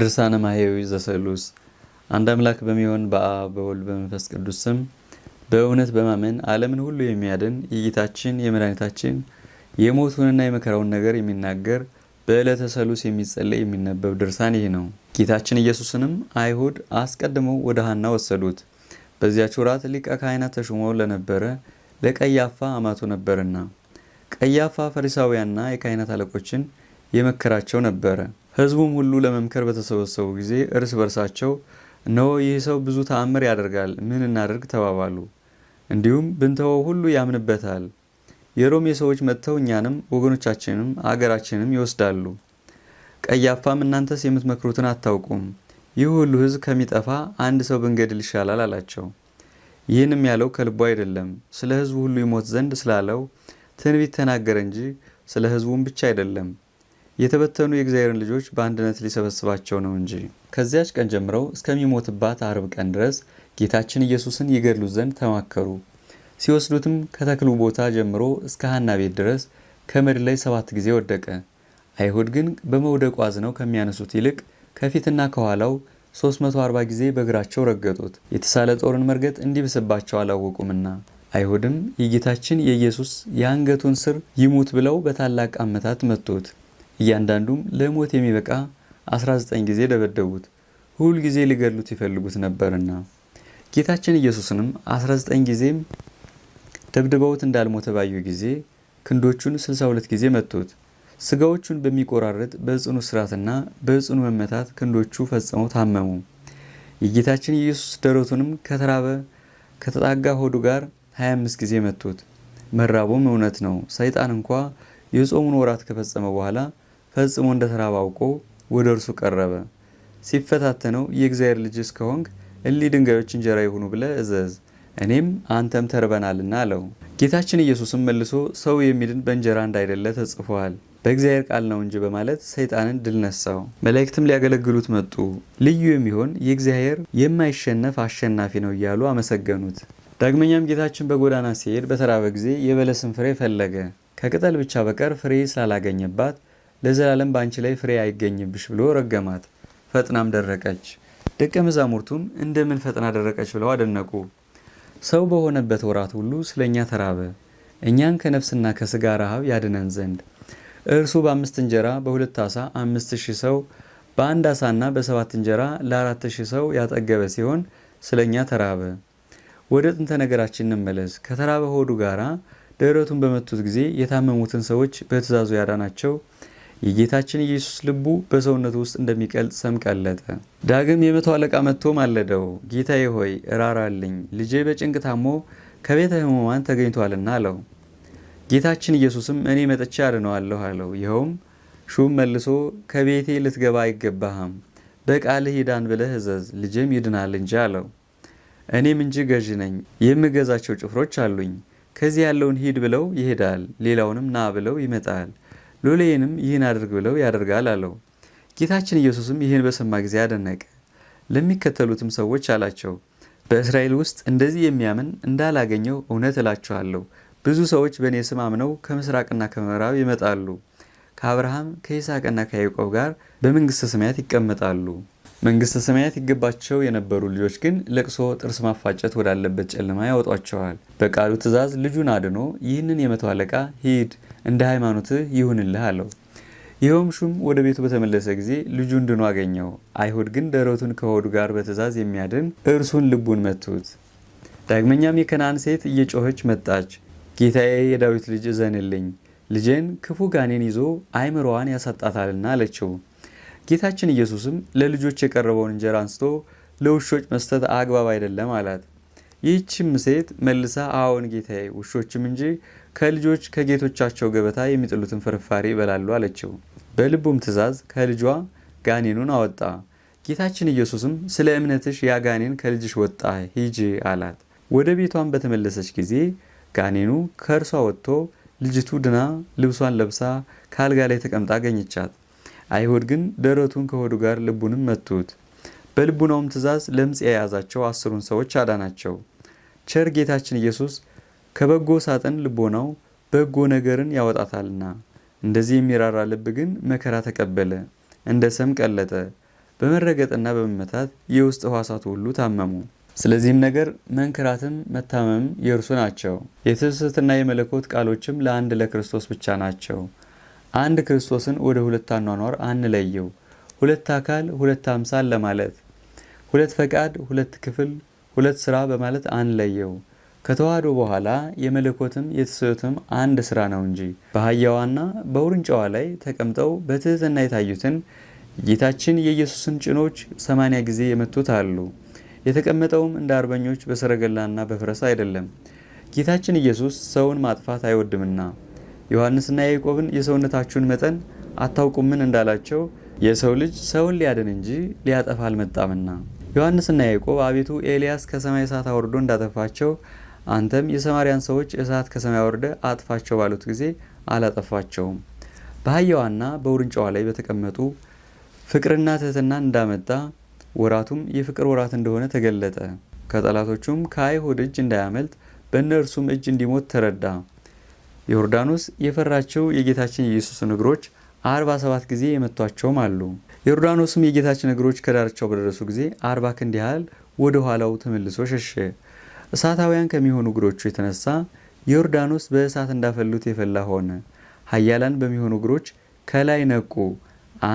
ድርሳነ ማህያዊ ዘሰሉስ አንድ አምላክ በሚሆን በአብ በወልድ በመንፈስ ቅዱስ ስም በእውነት በማመን ዓለምን ሁሉ የሚያድን የጌታችን የመድኃኒታችን የሞቱንና የመከራውን ነገር የሚናገር በዕለተ ሰሉስ የሚጸለይ የሚነበብ ድርሳን ይህ ነው። ጌታችን ኢየሱስንም አይሁድ አስቀድመው ወደ ሀና ወሰዱት። በዚያች ወራት ሊቀ ካህናት ተሹሞ ለነበረ ለቀያፋ አማቱ ነበርና፣ ቀያፋ ፈሪሳውያንና የካህናት አለቆችን የመከራቸው ነበረ። ህዝቡም ሁሉ ለመምከር በተሰበሰቡ ጊዜ እርስ በርሳቸው እነሆ ይህ ሰው ብዙ ተአምር ያደርጋል፣ ምን እናደርግ ተባባሉ። እንዲሁም ብንተወው ሁሉ ያምንበታል። የሮሜ ሰዎች መጥተው እኛንም ወገኖቻችንም አገራችንም ይወስዳሉ። ቀያፋም እናንተስ የምትመክሩትን አታውቁም፣ ይህ ሁሉ ህዝብ ከሚጠፋ አንድ ሰው ብንገድል ይሻላል አላቸው። ይህንም ያለው ከልቡ አይደለም፣ ስለ ህዝቡ ሁሉ ይሞት ዘንድ ስላለው ትንቢት ተናገረ እንጂ ስለ ህዝቡም ብቻ አይደለም። የተበተኑ የእግዚአብሔርን ልጆች በአንድነት ሊሰበስባቸው ነው እንጂ። ከዚያች ቀን ጀምረው እስከሚሞትባት አርብ ቀን ድረስ ጌታችን ኢየሱስን ይገድሉ ዘንድ ተማከሩ። ሲወስዱትም ከተክሉ ቦታ ጀምሮ እስከ ሀና ቤት ድረስ ከምድር ላይ ሰባት ጊዜ ወደቀ። አይሁድ ግን በመውደቁ አዝነው ከሚያነሱት ይልቅ ከፊትና ከኋላው 340 ጊዜ በእግራቸው ረገጡት፣ የተሳለ ጦርን መርገጥ እንዲብስባቸው አላወቁምና። አይሁድም የጌታችን የኢየሱስ የአንገቱን ስር ይሙት ብለው በታላቅ አመታት መቱት። እያንዳንዱም ለሞት የሚበቃ 19 ጊዜ ደበደቡት፣ ሁል ጊዜ ሊገድሉት ይፈልጉት ነበርና። ጌታችን ኢየሱስንም 19 ጊዜም ደብድበውት እንዳልሞተ ባዩ ጊዜ ክንዶቹን 62 ጊዜ መቱት። ስጋዎቹን በሚቆራረጥ በጽኑ ስራትና በጽኑ መመታት ክንዶቹ ፈጽመው ታመሙ። የጌታችን ኢየሱስ ደረቱንም ከተራበ ከተጣጋ ሆዱ ጋር 25 ጊዜ መቱት። መራቡም እውነት ነው። ሰይጣን እንኳ የጾሙን ወራት ከፈጸመ በኋላ ፈጽሞ እንደተራበ አውቆ ወደ እርሱ ቀረበ። ሲፈታተነው የእግዚአብሔር ልጅ እስከሆንክ እሊ ድንጋዮች እንጀራ ይሁኑ ብለ እዘዝ፣ እኔም አንተም ተርበናልና አለው። ጌታችን ኢየሱስም መልሶ ሰው የሚድን በእንጀራ እንዳይደለ ተጽፏል፣ በእግዚአብሔር ቃል ነው እንጂ በማለት ሰይጣንን ድል ነሳው። መላእክትም ሊያገለግሉት መጡ። ልዩ የሚሆን የእግዚአብሔር የማይሸነፍ አሸናፊ ነው እያሉ አመሰገኑት። ዳግመኛም ጌታችን በጎዳና ሲሄድ በተራበ ጊዜ የበለስን ፍሬ ፈለገ። ከቅጠል ብቻ በቀር ፍሬ ስላላገኘባት ለዘላለም በአንቺ ላይ ፍሬ አይገኝብሽ ብሎ ረገማት። ፈጥናም ደረቀች። ደቀ መዛሙርቱም እንደምን ፈጥና ደረቀች ብለው አደነቁ። ሰው በሆነበት ወራት ሁሉ ስለ እኛ ተራበ፣ እኛን ከነፍስና ከስጋ ረሃብ ያድነን ዘንድ እርሱ በአምስት እንጀራ በሁለት አሳ አምስት ሺህ ሰው በአንድ አሳና በሰባት እንጀራ ለአራት ሺህ ሰው ያጠገበ ሲሆን ስለ እኛ ተራበ። ወደ ጥንተ ነገራችን እንመለስ። ከተራበ ሆዱ ጋራ ደረቱን በመቱት ጊዜ የታመሙትን ሰዎች በትእዛዙ ያዳናቸው የጌታችን ኢየሱስ ልቡ በሰውነቱ ውስጥ እንደሚቀልጥ ሰምቀለጠ ዳግም የመቶ አለቃ መጥቶ ማለደው፣ ጌታዬ ሆይ እራራልኝ፣ ልጄ በጭንቅ ታሞ ከቤተ ሕሙማን ተገኝቷልና አለው። ጌታችን ኢየሱስም እኔ መጥቼ አድነዋለሁ አለው። ይኸውም ሹም መልሶ ከቤቴ ልትገባ አይገባህም፣ በቃልህ ይዳን ብለህ እዘዝ፣ ልጄም ይድናል እንጂ አለው። እኔም እንጂ ገዥ ነኝ፣ የምገዛቸው ጭፍሮች አሉኝ። ከዚህ ያለውን ሂድ ብለው ይሄዳል፣ ሌላውንም ና ብለው ይመጣል ሎሌዬንም ይህን አድርግ ብለው ያደርጋል አለው። ጌታችን ኢየሱስም ይህን በሰማ ጊዜ አደነቀ። ለሚከተሉትም ሰዎች አላቸው፣ በእስራኤል ውስጥ እንደዚህ የሚያምን እንዳላገኘው እውነት እላችኋለሁ። ብዙ ሰዎች በእኔ ስም አምነው ከምስራቅና ከምዕራብ ይመጣሉ፣ ከአብርሃም ከይስሐቅና ከያዕቆብ ጋር በመንግሥተ ሰማያት ይቀመጣሉ። መንግሥተ ሰማያት ይገባቸው የነበሩ ልጆች ግን ለቅሶ፣ ጥርስ ማፋጨት ወዳለበት ጨለማ ያወጧቸዋል። በቃሉ ትእዛዝ ልጁን አድኖ ይህንን የመቶ አለቃ ሂድ እንደ ሃይማኖትህ ይሁንልህ አለው። ይኸውም ሹም ወደ ቤቱ በተመለሰ ጊዜ ልጁ እንድኖ አገኘው። አይሁድ ግን ደረቱን ከሆዱ ጋር በትእዛዝ የሚያድን እርሱን ልቡን መቱት። ዳግመኛም የከናን ሴት እየጮኸች መጣች። ጌታዬ የዳዊት ልጅ እዘንልኝ፣ ልጄን ክፉ ጋኔን ይዞ አይምሮዋን ያሳጣታልና አለችው። ጌታችን ኢየሱስም ለልጆች የቀረበውን እንጀራ አንስቶ ለውሾች መስጠት አግባብ አይደለም አላት። ይህችም ሴት መልሳ አዎን ጌታዬ፣ ውሾችም እንጂ ከልጆች ከጌቶቻቸው ገበታ የሚጥሉትን ፍርፋሪ ይበላሉ አለችው። በልቡም ትእዛዝ ከልጇ ጋኔኑን አወጣ። ጌታችን ኢየሱስም ስለ እምነትሽ ያ ጋኔን ከልጅሽ ወጣ፣ ሂጂ አላት። ወደ ቤቷን በተመለሰች ጊዜ ጋኔኑ ከእርሷ ወጥቶ ልጅቱ ድና ልብሷን ለብሳ ከአልጋ ላይ ተቀምጣ አገኘቻት። አይሁድ ግን ደረቱን ከሆዱ ጋር ልቡንም መቱት። በልቡናውም ትእዛዝ ለምጽ የያዛቸው አስሩን ሰዎች አዳናቸው። ቸር ጌታችን ኢየሱስ ከበጎ ሳጥን ልቦናው በጎ ነገርን ያወጣታልና። እንደዚህ የሚራራ ልብ ግን መከራ ተቀበለ፣ እንደ ሰም ቀለጠ፣ በመረገጥና በመመታት የውስጥ ሕዋሳቱ ሁሉ ታመሙ። ስለዚህም ነገር መንከራትም መታመም የእርሱ ናቸው። የትስብእትና የመለኮት ቃሎችም ለአንድ ለክርስቶስ ብቻ ናቸው። አንድ ክርስቶስን ወደ ሁለት አኗኗር አንለየው። ሁለት አካል፣ ሁለት አምሳል ለማለት ሁለት ፈቃድ፣ ሁለት ክፍል፣ ሁለት ስራ በማለት አንለየው። ከተዋህዶ በኋላ የመለኮትም የተሰወትም አንድ ስራ ነው እንጂ በአህያዋና በውርንጫዋ ላይ ተቀምጠው በትህትና የታዩትን ጌታችን የኢየሱስን ጭኖች ሰማንያ ጊዜ የመቱት አሉ። የተቀመጠውም እንደ አርበኞች በሰረገላና በፈረስ አይደለም። ጌታችን ኢየሱስ ሰውን ማጥፋት አይወድምና ዮሐንስና ያዕቆብን የሰውነታችሁን መጠን አታውቁምን እንዳላቸው የሰው ልጅ ሰውን ሊያድን እንጂ ሊያጠፋ አልመጣምና ዮሐንስና ያዕቆብ አቤቱ ኤልያስ ከሰማይ እሳት አውርዶ እንዳጠፋቸው አንተም የሰማርያን ሰዎች እሳት ከሰማይ ወርደ አጥፋቸው ባሉት ጊዜ አላጠፋቸውም። በአህያዋና በውርንጫዋ ላይ በተቀመጡ ፍቅርና ትህትናን እንዳመጣ ወራቱም የፍቅር ወራት እንደሆነ ተገለጠ። ከጠላቶቹም ከአይሁድ እጅ እንዳያመልጥ በእነርሱም እጅ እንዲሞት ተረዳ። ዮርዳኖስ የፈራቸው የጌታችን የኢየሱስን እግሮች አርባ ሰባት ጊዜ የመቷቸውም አሉ። ዮርዳኖስም የጌታችን እግሮች ከዳርቻው በደረሱ ጊዜ አርባ ክንድ ያህል ወደ ኋላው ተመልሶ ሸሸ። እሳታውያን ከሚሆኑ እግሮቹ የተነሳ ዮርዳኖስ በእሳት እንዳፈሉት የፈላ ሆነ። ኃያላን በሚሆኑ እግሮች ከላይ ነቁ።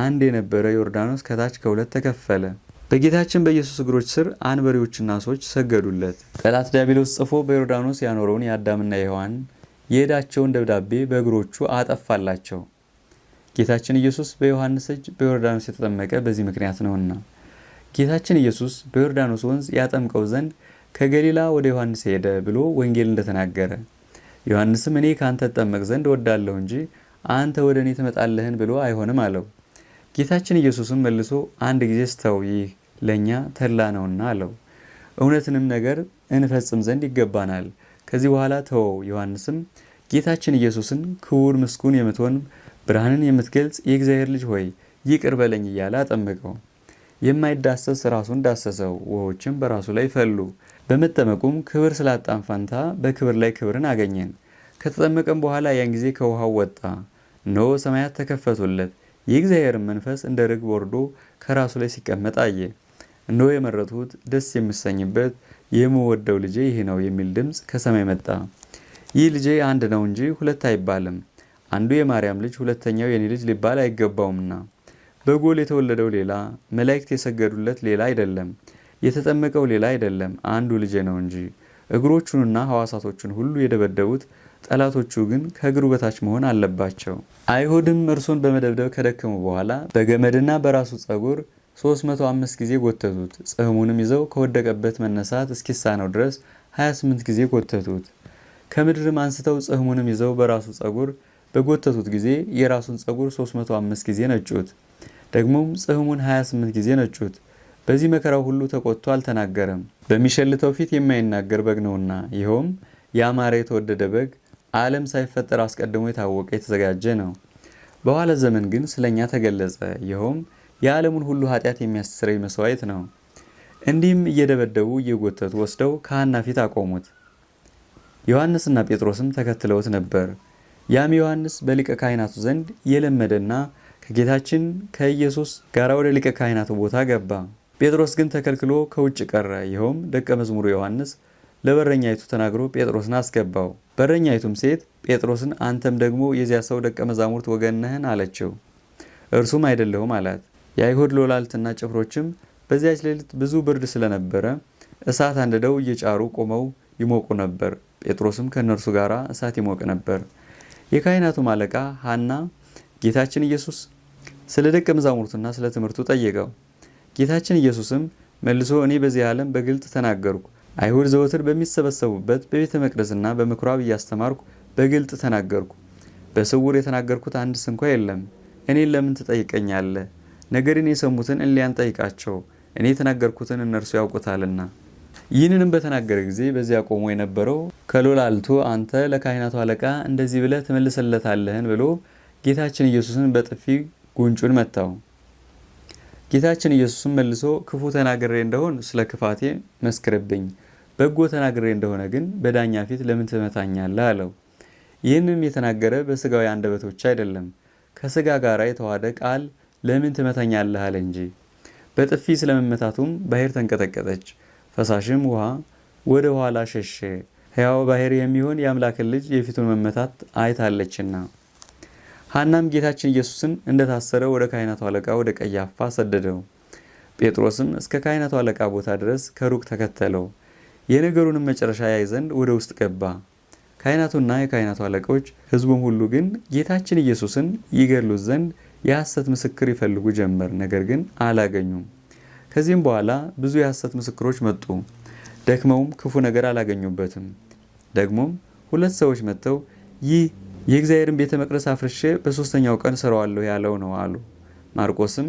አንድ የነበረ ዮርዳኖስ ከታች ከሁለት ተከፈለ። በጌታችን በኢየሱስ እግሮች ስር አንበሪዎችና ሰዎች ሰገዱለት። ጠላት ዲያብሎስ ጽፎ በዮርዳኖስ ያኖረውን የአዳምና የሔዋን የዕዳቸውን ደብዳቤ በእግሮቹ አጠፋላቸው። ጌታችን ኢየሱስ በዮሐንስ እጅ በዮርዳኖስ የተጠመቀ በዚህ ምክንያት ነውና ጌታችን ኢየሱስ በዮርዳኖስ ወንዝ ያጠምቀው ዘንድ ከገሊላ ወደ ዮሐንስ ሄደ ብሎ ወንጌል እንደተናገረ ዮሐንስም እኔ ከአንተ ጠመቅ ዘንድ ወዳለሁ እንጂ አንተ ወደ እኔ ትመጣለህን ብሎ አይሆንም አለው። ጌታችን ኢየሱስም መልሶ አንድ ጊዜ ስተው ይህ ለእኛ ተድላ ነውና አለው። እውነትንም ነገር እንፈጽም ዘንድ ይገባናል። ከዚህ በኋላ ተወው። ዮሐንስም ጌታችን ኢየሱስን ክቡር ምስጉን የምትሆን ብርሃንን የምትገልጽ የእግዚአብሔር ልጅ ሆይ ይቅር በለኝ እያለ አጠመቀው። የማይዳሰስ ራሱን ዳሰሰው፣ ውሆችም በራሱ ላይ ፈሉ። በመጠመቁም ክብር ስላጣን ፋንታ በክብር ላይ ክብርን አገኘን። ከተጠመቀም በኋላ ያን ጊዜ ከውሃው ወጣ፣ እነሆ ሰማያት ተከፈቱለት፣ የእግዚአብሔርን መንፈስ እንደ ርግብ ወርዶ ከራሱ ላይ ሲቀመጥ አየ። እነሆ የመረጥሁት ደስ የምሰኝበት የምወደው ልጄ ይህ ነው የሚል ድምፅ ከሰማይ መጣ። ይህ ልጄ አንድ ነው እንጂ ሁለት አይባልም፣ አንዱ የማርያም ልጅ ሁለተኛው የኔ ልጅ ሊባል አይገባውምና። በጎል የተወለደው ሌላ፣ መላእክት የሰገዱለት ሌላ አይደለም። የተጠመቀው ሌላ አይደለም አንዱ ልጄ ነው እንጂ። እግሮቹንና ሐዋሳቶቹን ሁሉ የደበደቡት ጠላቶቹ ግን ከእግሩ በታች መሆን አለባቸው። አይሁድም እርሱን በመደብደብ ከደከሙ በኋላ በገመድና በራሱ ጸጉር 305 ጊዜ ጎተቱት። ጽህሙንም ይዘው ከወደቀበት መነሳት እስኪሳነው ድረስ 28 ጊዜ ጎተቱት። ከምድርም አንስተው ጽህሙንም ይዘው በራሱ ጸጉር በጎተቱት ጊዜ የራሱን ጸጉር 305 ጊዜ ነጩት። ደግሞም ጽህሙን 28 ጊዜ ነጩት። በዚህ መከራ ሁሉ ተቆጥቶ አልተናገረም። በሚሸልተው ፊት የማይናገር በግ ነውና፣ ይኸውም ያማረ የተወደደ በግ ዓለም ሳይፈጠር አስቀድሞ የታወቀ የተዘጋጀ ነው። በኋላ ዘመን ግን ስለኛ ተገለጸ። ይኸውም የዓለሙን ሁሉ ኃጢአት የሚያስተስረይ መስዋዕት ነው። እንዲህም እየደበደቡ እየጎተቱ ወስደው ከሐና ፊት አቆሙት። ዮሐንስና ጴጥሮስም ተከትለውት ነበር። ያም ዮሐንስ በሊቀ ካህናቱ ዘንድ የለመደና ከጌታችን ከኢየሱስ ጋር ወደ ሊቀ ካህናቱ ቦታ ገባ። ጴጥሮስ ግን ተከልክሎ ከውጭ ቀረ። ይኸውም ደቀ መዝሙሩ ዮሐንስ ለበረኛይቱ ተናግሮ ጴጥሮስን አስገባው። በረኛይቱም ሴት ጴጥሮስን አንተም ደግሞ የዚያ ሰው ደቀ መዛሙርት ወገን ነህን? አለችው። እርሱም አይደለሁም አላት። የአይሁድ ሎላልትና ጭፍሮችም በዚያች ሌሊት ብዙ ብርድ ስለነበረ እሳት አንድደው እየጫሩ ቆመው ይሞቁ ነበር። ጴጥሮስም ከእነርሱ ጋር እሳት ይሞቅ ነበር። የካህናቱም አለቃ ሐና ጌታችን ኢየሱስ ስለ ደቀ መዛሙርቱና ስለ ትምህርቱ ጠየቀው። ጌታችን ኢየሱስም መልሶ እኔ በዚህ ዓለም በግልጥ ተናገርኩ። አይሁድ ዘወትር በሚሰበሰቡበት በቤተ መቅደስና በምኩራብ እያስተማርኩ በግልጥ ተናገርኩ። በስውር የተናገርኩት አንድ ስንኳ የለም። እኔን ለምን ትጠይቀኛለህ? ነገርን የሰሙትን እሊያን ጠይቃቸው፣ እኔ የተናገርኩትን እነርሱ ያውቁታልና። ይህንንም በተናገረ ጊዜ በዚያ ቆሞ የነበረው ከሎል አልቶ አንተ ለካህናቱ አለቃ እንደዚህ ብለህ ትመልሰለታለህን? ብሎ ጌታችን ኢየሱስን በጥፊ ጉንጩን መታው። ጌታችን ኢየሱስም መልሶ ክፉ ተናግሬ እንደሆን ስለ ክፋቴ መስክርብኝ፣ በጎ ተናግሬ እንደሆነ ግን በዳኛ ፊት ለምን ትመታኛለህ? አለው። ይህንም የተናገረ በስጋዊ አንደበቶች አይደለም፣ ከስጋ ጋር የተዋደ ቃል ለምን ትመታኛለህ አለ እንጂ። በጥፊ ስለመመታቱም ባህር ተንቀጠቀጠች፣ ፈሳሽም ውሃ ወደ ኋላ ሸሸ። ሕያው ባህር የሚሆን የአምላክን ልጅ የፊቱን መመታት አይታለችና ሐናም ጌታችን ኢየሱስን እንደታሰረ ወደ ካህናቱ አለቃ ወደ ቀያፋ ሰደደው። ጴጥሮስም እስከ ካህናቱ አለቃ ቦታ ድረስ ከሩቅ ተከተለው። የነገሩንም መጨረሻ ያይ ዘንድ ወደ ውስጥ ገባ። ካህናቱና የካህናቱ አለቆች ሕዝቡም ሁሉ ግን ጌታችን ኢየሱስን ይገድሉት ዘንድ የሐሰት ምስክር ይፈልጉ ጀመር፣ ነገር ግን አላገኙም። ከዚህም በኋላ ብዙ የሐሰት ምስክሮች መጡ፣ ደክመውም ክፉ ነገር አላገኙበትም። ደግሞም ሁለት ሰዎች መጥተው ይህ የእግዚአብሔርን ቤተ መቅደስ አፍርሼ በሶስተኛው ቀን እሰራዋለሁ ያለው ነው አሉ። ማርቆስም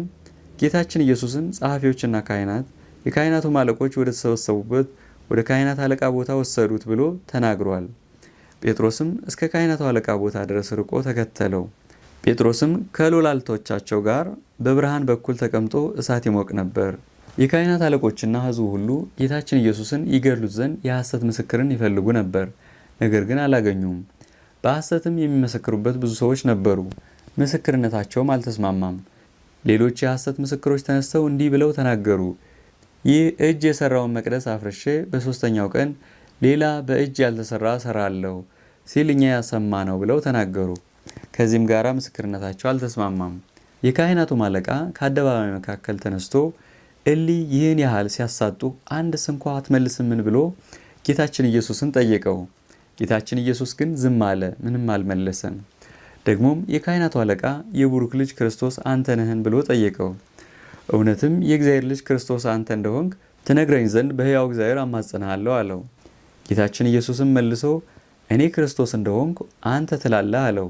ጌታችን ኢየሱስን ጸሐፊዎችና ካህናት የካህናቱም አለቆች ወደ ተሰበሰቡበት ወደ ካህናት አለቃ ቦታ ወሰዱት ብሎ ተናግሯል። ጴጥሮስም እስከ ካህናቱ አለቃ ቦታ ድረስ ርቆ ተከተለው። ጴጥሮስም ከሎላልቶቻቸው ጋር በብርሃን በኩል ተቀምጦ እሳት ይሞቅ ነበር። የካህናት አለቆችና ሕዝቡ ሁሉ ጌታችን ኢየሱስን ይገድሉት ዘንድ የሐሰት ምስክርን ይፈልጉ ነበር፣ ነገር ግን አላገኙም። በሐሰትም የሚመሰክሩበት ብዙ ሰዎች ነበሩ። ምስክርነታቸውም አልተስማማም። ሌሎች የሐሰት ምስክሮች ተነስተው እንዲህ ብለው ተናገሩ። ይህ እጅ የሰራውን መቅደስ አፍርሼ በሦስተኛው ቀን ሌላ በእጅ ያልተሰራ ሰራለሁ ሲል እኛ ያሰማ ነው ብለው ተናገሩ። ከዚህም ጋር ምስክርነታቸው አልተስማማም። የካህናቱ አለቃ ከአደባባይ መካከል ተነስቶ እሊ ይህን ያህል ሲያሳጡ አንድ ስንኳ አትመልስምን ብሎ ጌታችን ኢየሱስን ጠየቀው። ጌታችን ኢየሱስ ግን ዝም አለ፣ ምንም አልመለሰም። ደግሞም የካህናቱ አለቃ የቡሩክ ልጅ ክርስቶስ አንተ ነህን ብሎ ጠየቀው። እውነትም የእግዚአብሔር ልጅ ክርስቶስ አንተ እንደሆንክ ትነግረኝ ዘንድ በሕያው እግዚአብሔር አማጽንሃለሁ አለው። ጌታችን ኢየሱስም መልሶ እኔ ክርስቶስ እንደሆንኩ አንተ ትላለህ አለው።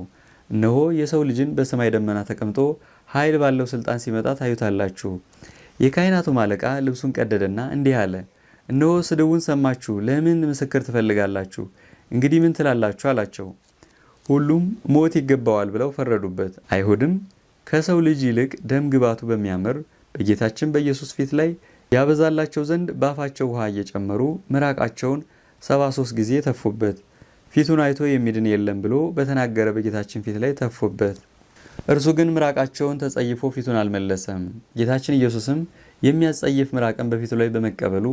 እነሆ የሰው ልጅን በሰማይ ደመና ተቀምጦ ኃይል ባለው ሥልጣን ሲመጣ ታዩታላችሁ። የካህናቱም አለቃ ልብሱን ቀደደና እንዲህ አለ፣ እነሆ ስድቡን ሰማችሁ። ለምን ምስክር ትፈልጋላችሁ? እንግዲህ ምን ትላላችሁ አላቸው። ሁሉም ሞት ይገባዋል ብለው ፈረዱበት። አይሁድም ከሰው ልጅ ይልቅ ደም ግባቱ በሚያምር በጌታችን በኢየሱስ ፊት ላይ ያበዛላቸው ዘንድ በአፋቸው ውሃ እየጨመሩ ምራቃቸውን ሰባ ጊዜ ተፉበት። ፊቱን አይቶ የሚድን የለም ብሎ በተናገረ በጌታችን ፊት ላይ ተፉበት። እርሱ ግን ምራቃቸውን ተጸይፎ ፊቱን አልመለሰም። ጌታችን ኢየሱስም የሚያጸይፍ ምራቅን በፊቱ ላይ በመቀበሉ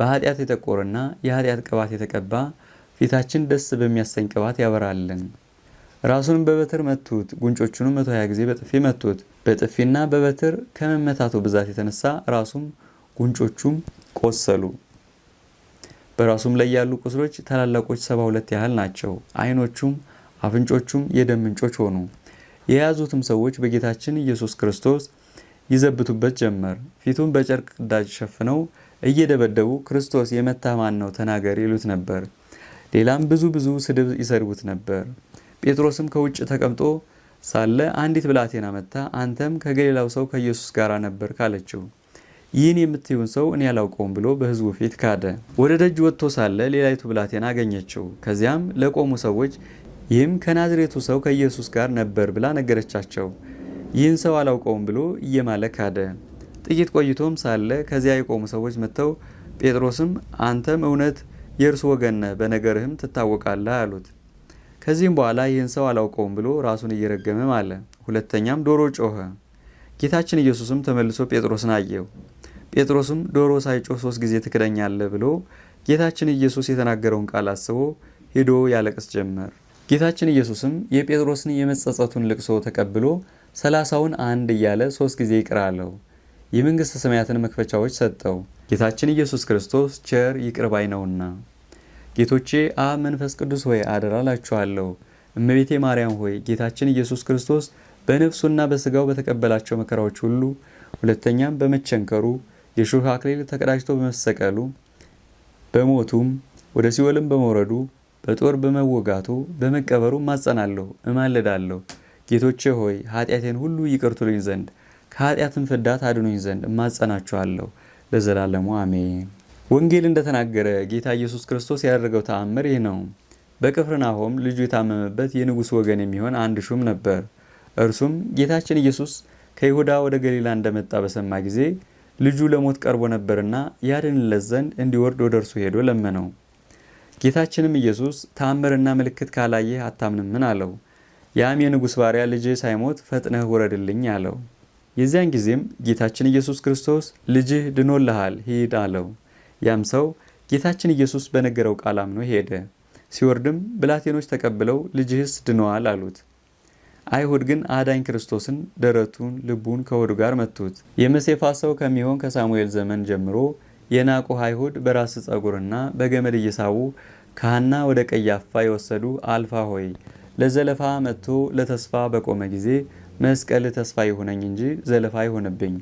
በኃጢአት የጠቆረና የኃጢአት ቅባት የተቀባ ፊታችን ደስ በሚያሰኝ ቅባት ያበራልን። ራሱንም በበትር መቱት፣ ጉንጮቹንም መቶ ሀያ ጊዜ በጥፊ መቱት። በጥፊና በበትር ከመመታቱ ብዛት የተነሳ ራሱም ጉንጮቹም ቆሰሉ። በራሱም ላይ ያሉ ቁስሎች ታላላቆች ሰባ ሁለት ያህል ናቸው። አይኖቹም፣ አፍንጮቹም የደም ምንጮች ሆኑ። የያዙትም ሰዎች በጌታችን ኢየሱስ ክርስቶስ ይዘብቱበት ጀመር። ፊቱን በጨርቅ ቅዳጅ ሸፍነው እየደበደቡ ክርስቶስ የመታ ማን ነው? ተናገር ይሉት ነበር። ሌላም ብዙ ብዙ ስድብ ይሰድቡት ነበር። ጴጥሮስም ከውጭ ተቀምጦ ሳለ አንዲት ብላቴና መጥታ አንተም ከገሊላው ሰው ከኢየሱስ ጋር ነበር ካለችው፣ ይህን የምትዩን ሰው እኔ አላውቀውም ብሎ በሕዝቡ ፊት ካደ። ወደ ደጅ ወጥቶ ሳለ ሌላይቱ ብላቴና አገኘችው። ከዚያም ለቆሙ ሰዎች ይህም ከናዝሬቱ ሰው ከኢየሱስ ጋር ነበር ብላ ነገረቻቸው። ይህን ሰው አላውቀውም ብሎ እየማለ ካደ። ጥቂት ቆይቶም ሳለ ከዚያ የቆሙ ሰዎች መጥተው ጴጥሮስም አንተም እውነት የእርስ ወገን በነገርህም ትታወቃለህ አሉት። ከዚህም በኋላ ይህን ሰው አላውቀውም ብሎ ራሱን እየረገመም አለ ሁለተኛም ዶሮ ጮኸ። ጌታችን ኢየሱስም ተመልሶ ጴጥሮስን አየው። ጴጥሮስም ዶሮ ሳይጮህ ሶስት ጊዜ ትክደኛለህ ብሎ ጌታችን ኢየሱስ የተናገረውን ቃል አስቦ ሄዶ ያለቅስ ጀመር። ጌታችን ኢየሱስም የጴጥሮስን የመጸጸቱን ልቅሶ ተቀብሎ ሰላሳውን አንድ እያለ ሶስት ጊዜ ይቅር አለው። የመንግሥተ ሰማያትን መክፈቻዎች ሰጠው። ጌታችን ኢየሱስ ክርስቶስ ቸር ይቅር ባይ ነውና፣ ጌቶቼ አብ መንፈስ ቅዱስ ሆይ አደራ ላችኋለሁ። እመቤቴ ማርያም ሆይ ጌታችን ኢየሱስ ክርስቶስ በነፍሱና በሥጋው በተቀበላቸው መከራዎች ሁሉ ሁለተኛም በመቸንከሩ የሾህ አክሊል ተቀዳጅቶ በመሰቀሉ በሞቱም ወደ ሲወልም በመውረዱ በጦር በመወጋቱ በመቀበሩ ማጸናለሁ፣ እማልዳለሁ። ጌቶቼ ሆይ ኃጢአቴን ሁሉ ይቅርቱልኝ ዘንድ ከኃጢአትም ፍዳት አድኖኝ ዘንድ እማጸናችኋለሁ ለዘላለሙ አሜን። ወንጌል እንደተናገረ ጌታ ኢየሱስ ክርስቶስ ያደረገው ተአምር ይህ ነው። በቅፍርናሆም ልጁ የታመመበት የንጉሥ ወገን የሚሆን አንድ ሹም ነበር። እርሱም ጌታችን ኢየሱስ ከይሁዳ ወደ ገሊላ እንደመጣ በሰማ ጊዜ ልጁ ለሞት ቀርቦ ነበርና ያድንለት ዘንድ እንዲወርድ ወደ እርሱ ሄዶ ለመነው። ጌታችንም ኢየሱስ ተአምርና ምልክት ካላየህ አታምንምን አለው። ያም የንጉሥ ባሪያ ልጅ ሳይሞት ፈጥነህ ውረድልኝ አለው። የዚያን ጊዜም ጌታችን ኢየሱስ ክርስቶስ ልጅህ ድኖልሃል ሂድ አለው። ያም ሰው ጌታችን ኢየሱስ በነገረው ቃል አምኖ ሄደ። ሲወርድም ብላቴኖች ተቀብለው ልጅህስ ድኖዋል አሉት። አይሁድ ግን አዳኝ ክርስቶስን ደረቱን፣ ልቡን ከሆዱ ጋር መቱት። የመሴፋ ሰው ከሚሆን ከሳሙኤል ዘመን ጀምሮ የናቁህ አይሁድ በራስ ጸጉርና በገመድ እየሳቡ ከሐና ወደ ቀያፋ የወሰዱ አልፋ ሆይ ለዘለፋ መጥቶ ለተስፋ በቆመ ጊዜ መስቀል ተስፋ ይሆነኝ እንጂ ዘለፋ አይሆንብኝ።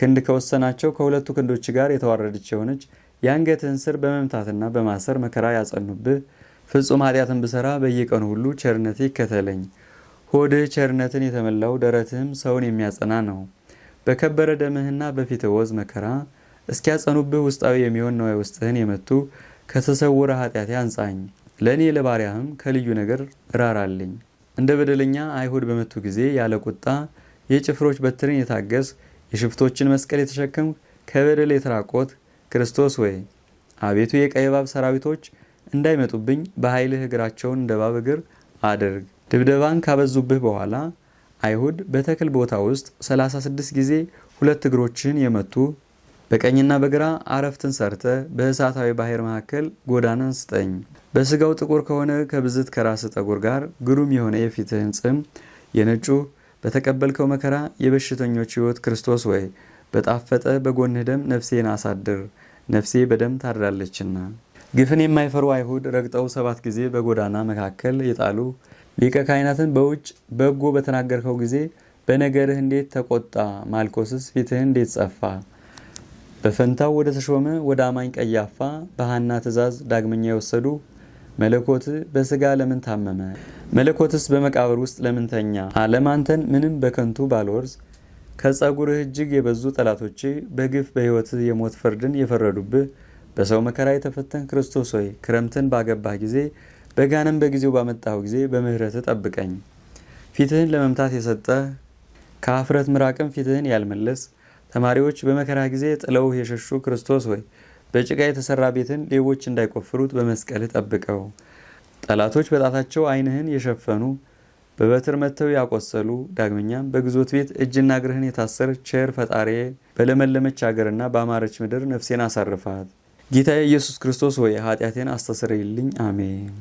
ክንድ ከወሰናቸው ከሁለቱ ክንዶች ጋር የተዋረደች የሆነች የአንገትህን ስር በመምታትና በማሰር መከራ ያጸኑብህ ፍጹም ኃጢአትን ብሰራ በየቀኑ ሁሉ ቸርነት ይከተለኝ። ሆድህ ቸርነትን የተመላው ደረትህም ሰውን የሚያጸና ነው። በከበረ ደምህና በፊት ወዝ መከራ እስኪያጸኑብህ ውስጣዊ የሚሆን ነዋይ ውስጥህን የመቱ ከተሰወረ ኃጢአቴ አንጻኝ። ለእኔ ለባሪያህም ከልዩ ነገር ራራልኝ። እንደ በደለኛ አይሁድ በመቱ ጊዜ ያለ ቁጣ የጭፍሮች በትርን የታገስ የሽፍቶችን መስቀል የተሸከም ከበደል የተራቆት ክርስቶስ ወይ አቤቱ የቀይ እባብ ሰራዊቶች እንዳይመጡብኝ በኃይልህ እግራቸውን እንደ እባብ እግር አድርግ። ድብደባን ካበዙብህ በኋላ አይሁድ በተክል ቦታ ውስጥ 36 ጊዜ ሁለት እግሮችህን የመቱ በቀኝና በግራ አረፍትን ሰርተ በእሳታዊ ባህር መካከል ጎዳናን ስጠኝ። በስጋው ጥቁር ከሆነ ከብዝት ከራስ ጠጉር ጋር ግሩም የሆነ የፊትህን ጽም የነጩ በተቀበልከው መከራ የበሽተኞች ሕይወት ክርስቶስ ወይ በጣፈጠ በጎንህ ደም ነፍሴን አሳድር፣ ነፍሴ በደም ታድራለችና። ግፍን የማይፈሩ አይሁድ ረግጠው ሰባት ጊዜ በጎዳና መካከል የጣሉ ሊቀ ካህናትን በውጭ በጎ በተናገርከው ጊዜ በነገርህ እንዴት ተቆጣ? ማልኮስስ ፊትህ እንዴት ጸፋ? በፈንታው ወደ ተሾመ ወደ አማኝ ቀያፋ በሐና ትእዛዝ ዳግመኛ የወሰዱ መለኮት በስጋ ለምን ታመመ? መለኮትስ በመቃብር ውስጥ ለምን ተኛ? ዓለም አንተን ምንም በከንቱ ባልወርዝ ከጸጉርህ እጅግ የበዙ ጠላቶች በግፍ በህይወት የሞት ፍርድን የፈረዱብህ በሰው መከራ የተፈተን ክርስቶስ ሆይ ክረምትን ባገባህ ጊዜ በጋንም በጊዜው ባመጣሁ ጊዜ በምህረት ጠብቀኝ። ፊትህን ለመምታት የሰጠህ ከአፍረት ምራቅም ፊትህን ያልመለስ ተማሪዎች በመከራ ጊዜ ጥለውህ የሸሹ ክርስቶስ ሆይ በጭቃ የተሰራ ቤትን ሌቦች እንዳይቆፍሩት በመስቀልህ ጠብቀው። ጠላቶች በጣታቸው ዓይንህን የሸፈኑ በበትር መጥተው ያቆሰሉ፣ ዳግመኛም በግዞት ቤት እጅና እግርህን የታሰር ቸር ፈጣሪ በለመለመች አገርና በአማረች ምድር ነፍሴን አሳርፋት። ጌታ ኢየሱስ ክርስቶስ ሆይ ኃጢአቴን አስተስርይልኝ፣ አሜን።